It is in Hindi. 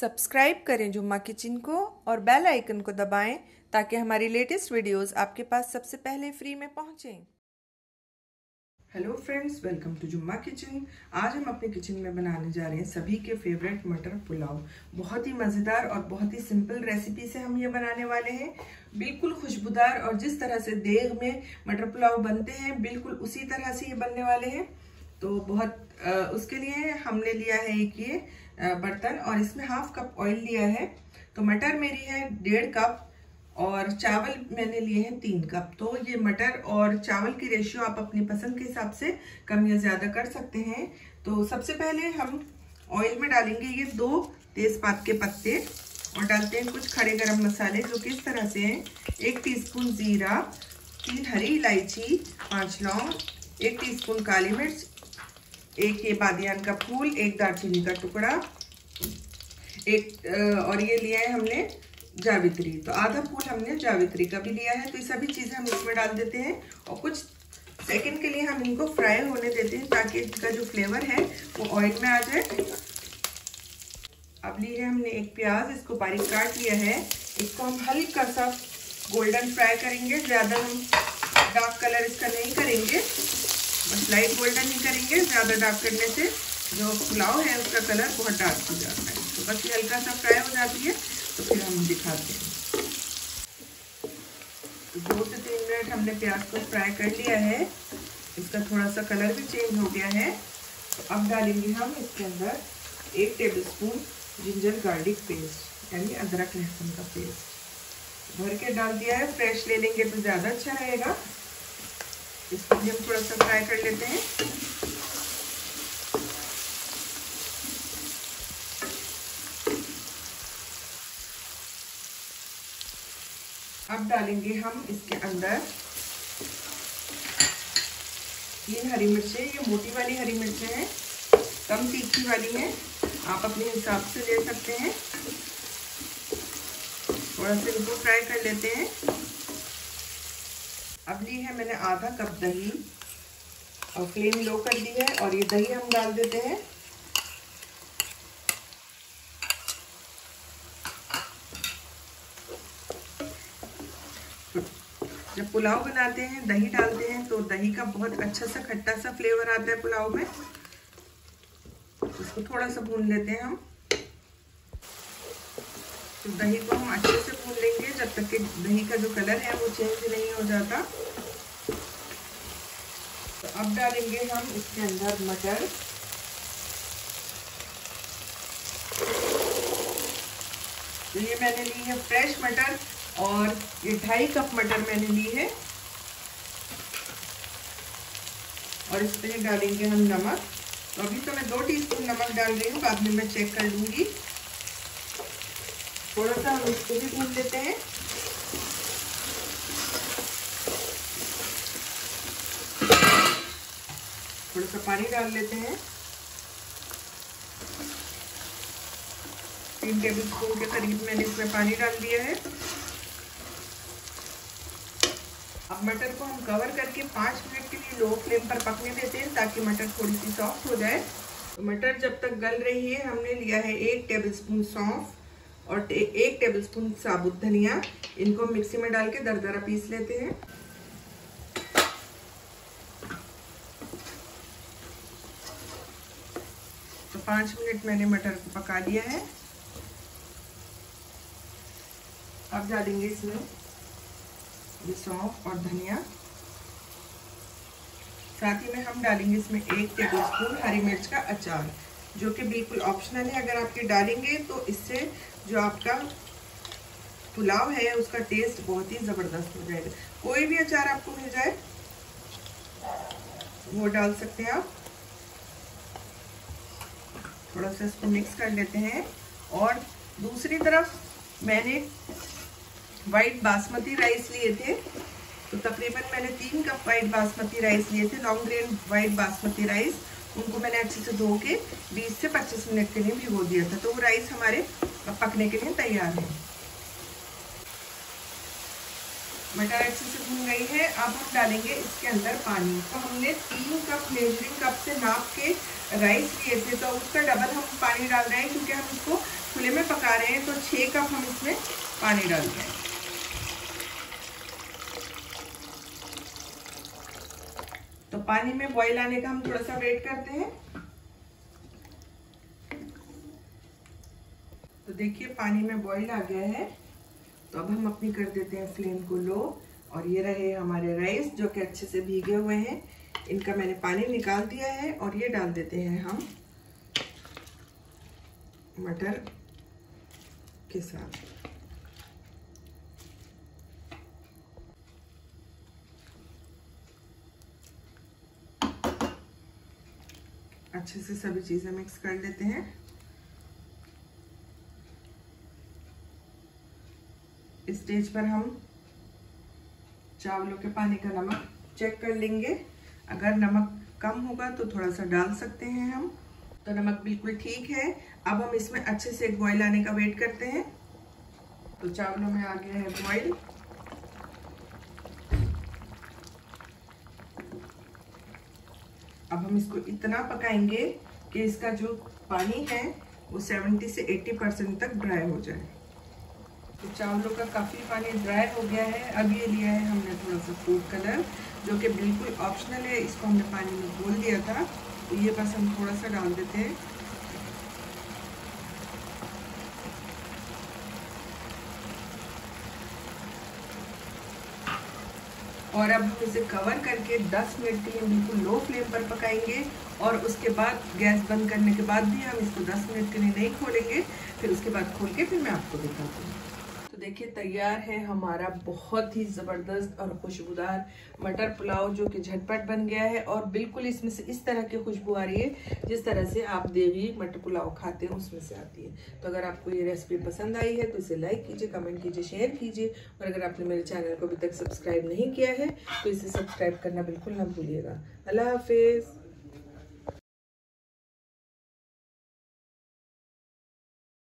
सब्सक्राइब करें जुम्मा किचन को और बेल आइकन को दबाएं ताकि हमारी लेटेस्ट वीडियोस आपके पास सबसे पहले फ्री में पहुंचें। Hello friends welcome to Jumma kitchen आज हम अपने किचन में बनाने जा रहे हैं सभी के फेवरेट मटर पुलाव बहुत ही मज़ेदार और बहुत ही सिंपल रेसिपी से हम ये बनाने वाले हैं बिल्कुल खुशबूदार और जिस तरह से देग में मटर पुलाव बनते हैं बिल्कुल उसी तरह से ये बनने वाले हैं तो बहुत आ, उसके लिए हमने लिया है एक ये बर्तन और इसमें हाफ कप ऑयल लिया है तो मटर मेरी है डेढ़ कप और चावल मैंने लिए हैं तीन कप तो ये मटर और चावल की रेशियो आप अपनी पसंद के हिसाब से कम या ज़्यादा कर सकते हैं तो सबसे पहले हम ऑयल में डालेंगे ये दो तेज़पात के पत्ते और डालते हैं कुछ खड़े गरम मसाले जो किस तरह से हैं एक टीस्पून ज़ीरा तीन हरी इलायची पाँच लौंग एक टीस्पून काली मिर्च एक ये बादियान का फूल एक दालचीनी का टुकड़ा एक और ये लिया है हमने जावित्री तो आधा फूल हमने जावित्री का भी लिया है तो ये सभी चीज़ें हम इसमें डाल देते हैं और कुछ सेकंड के लिए हम इनको फ्राई होने देते हैं ताकि इनका जो फ्लेवर है वो ऑयल में आ जाए अब ली है हमने एक प्याज इसको बारीक काट लिया है इसको हम हल्का सा गोल्डन फ्राई करेंगे ज़्यादा हम डार्क कलर इसका नहीं करेंगे बस लाइट गोल्डन ही करेंगे ज़्यादा डार्क करने से जो पुलाव है उसका कलर बहुत डार्क हो जाता है तो बस ये हल्का सा फ्राई हो जाती है तो फिर हम दिखाते हैं तो दो से तीन मिनट हमने प्याज को फ्राई कर लिया है इसका थोड़ा सा कलर भी चेंज हो गया है तो अब डालेंगे हम इसके अंदर एक tablespoon ginger garlic paste यानी अदरक लहसुन का पेस्ट भर के डाल दिया है फ्रेश ले लेंगे तो ज़्यादा अच्छा रहेगा इसको भी हम थोड़ा सा फ्राई कर लेते हैं अब डालेंगे हम इसके अंदर तीन हरी मिर्चें ये मोटी वाली हरी मिर्चें हैं कम तीखी वाली हैं आप अपने हिसाब से ले सकते हैं थोड़ा सा इनको फ्राई कर लेते हैं अब ली है मैंने आधा कप दही और फ्लेम लो कर दी है और ये दही हम डाल देते हैं जब पुलाव बनाते हैं दही डालते हैं तो दही का बहुत अच्छा सा खट्टा सा फ्लेवर आता है पुलाव में इसको थोड़ा सा भून लेते हैं हम तो दही को हम अच्छे से भून लेंगे जब तक कि दही का जो कलर है वो चेंज नहीं हो जाता तो अब डालेंगे हम इसके अंदर मटर तो ये मैंने ली है फ्रेश मटर और ये ढाई कप मटर मैंने ली है और इस पर डालेंगे हम नमक तो अभी तो मैं दो टीस्पून नमक डाल रही हूँ बाद में मैं चेक कर लूँगी थोड़ा सा हम इसको भी भून लेते हैं थोड़ा सा पानी डाल लेते हैं तीन टेबल स्पून के करीब मैंने इसमें पानी डाल दिया है अब मटर को हम कवर करके पाँच मिनट के लिए लो फ्लेम पर पकने देते हैं ताकि मटर थोड़ी सी सॉफ्ट हो जाए तो मटर जब तक गल रही है हमने लिया है एक टेबल स्पून सौंफ और टे, एक टेबलस्पून साबुत धनिया इनको मिक्सी में डाल के दरदरा पीस लेते हैं तो पांच मिनट मैंने मटर को पका लिया है अब डालेंगे इसमें ये सौंफ और धनिया साथ ही में हम डालेंगे इसमें एक टेबलस्पून हरी मिर्च का अचार जो कि बिल्कुल ऑप्शनल है अगर आप ये डालेंगे तो इससे जो आपका पुलाव है उसका टेस्ट बहुत ही ज़बरदस्त हो जाएगा कोई भी अचार आपको मिल जाए वो डाल सकते हैं आप थोड़ा सा इसको मिक्स कर लेते हैं और दूसरी तरफ मैंने वाइट बासमती राइस लिए थे तो तकरीबन मैंने तीन कप वाइट बासमती राइस लिए थे long grain white basmati rice उनको मैंने अच्छे से धो के बीस से पच्चीस मिनट के लिए भिगो दिया था तो वो राइस हमारे अब पकने के लिए तैयार है मटर अच्छे से भून गई है अब हम डालेंगे इसके अंदर पानी तो हमने तीन कप मेजरिंग कप से नाप के राइस लिए थे तो उसका डबल हम पानी डाल रहे हैं क्योंकि हम इसको खुले में पका रहे हैं तो छः कप हम इसमें पानी डाल रहे हैं तो पानी में बॉईल आने का हम थोड़ा सा वेट करते हैं तो देखिए पानी में बॉईल आ गया है तो अब हम अपनी कर देते हैं फ्लेम को लो और ये रहे हमारे राइस जो कि अच्छे से भीगे हुए हैं इनका मैंने पानी निकाल दिया है और ये डाल देते हैं हम मटर के साथ अच्छे से सभी चीज़ें मिक्स कर लेते हैं स्टेज पर हम चावलों के पानी का नमक चेक कर लेंगे अगर नमक कम होगा तो थोड़ा सा डाल सकते हैं हम तो नमक बिल्कुल ठीक है अब हम इसमें अच्छे से एक बॉयल आने का वेट करते हैं तो चावलों में आ गया है बॉयल अब हम इसको इतना पकाएंगे कि इसका जो पानी है वो 70 से 80 परसेंट तक ड्राई हो जाए तो चावलों का काफ़ी पानी ड्राई हो गया है अब ये लिया है हमने थोड़ा सा फूड कलर जो कि बिल्कुल ऑप्शनल है इसको हमने पानी में घोल दिया था तो ये बस हम थोड़ा सा डाल देते हैं और अब हम इसे कवर करके 10 मिनट के लिए बिल्कुल लो फ्लेम पर पकाएंगे और उसके बाद गैस बंद करने के बाद भी हम इसको 10 मिनट के लिए नहीं खोलेंगे फिर उसके बाद खोल के फिर मैं आपको दिखाती हूँ देखिए तैयार है हमारा बहुत ही ज़बरदस्त और खुशबूदार मटर पुलाव जो कि झटपट बन गया है और बिल्कुल इसमें से इस तरह की खुशबू आ रही है जिस तरह से आप देवी मटर पुलाव खाते हैं उसमें से आती है तो अगर आपको ये रेसिपी पसंद आई है तो इसे लाइक कीजिए कमेंट कीजिए शेयर कीजिए और अगर आपने मेरे चैनल को अभी तक सब्सक्राइब नहीं किया है तो इसे सब्सक्राइब करना बिल्कुल ना भूलिएगा अल्लाह हाफिज़